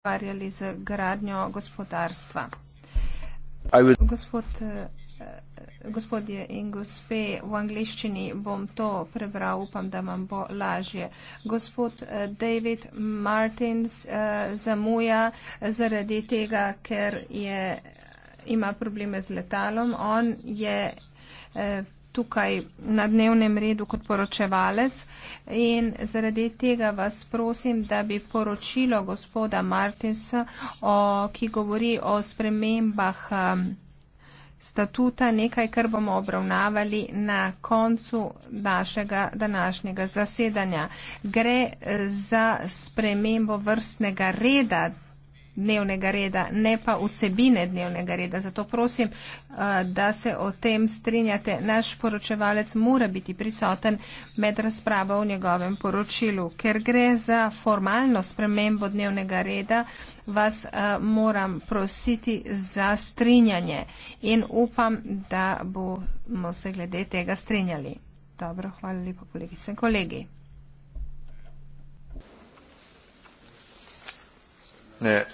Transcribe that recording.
ukvarjali z gradnjo gospodarstva. Would... Gospod, eh, gospodje in gospe, v angliščini bom to prebral, upam, da vam bo lažje. Gospod eh, David Martins uh, zamuja zaradi tega, ker je, ima probleme z letalom. On je uh, tukaj na dnevnem redu kot poročevalec in zaradi tega vas prosim, da bi poročilo gospoda Martinsa, o, ki govori o spremembah um, statuta, nekaj, kar bomo obravnavali na koncu našega današnjega zasedanja. Gre za spremembo vrstnega reda dnevnega reda, ne pa vsebine dnevnega reda. Zato prosim, eh, da se o tem strinjate. Naš poročevalec mora biti prisoten med razpravo v njegovem poročilu. Ker gre za formalno spremembo dnevnega reda, vas eh, moram prositi za strinjanje in upam, da bomo se glede tega strinjali. Dobro, hvala lepa, kolegice in kolegi. Ne.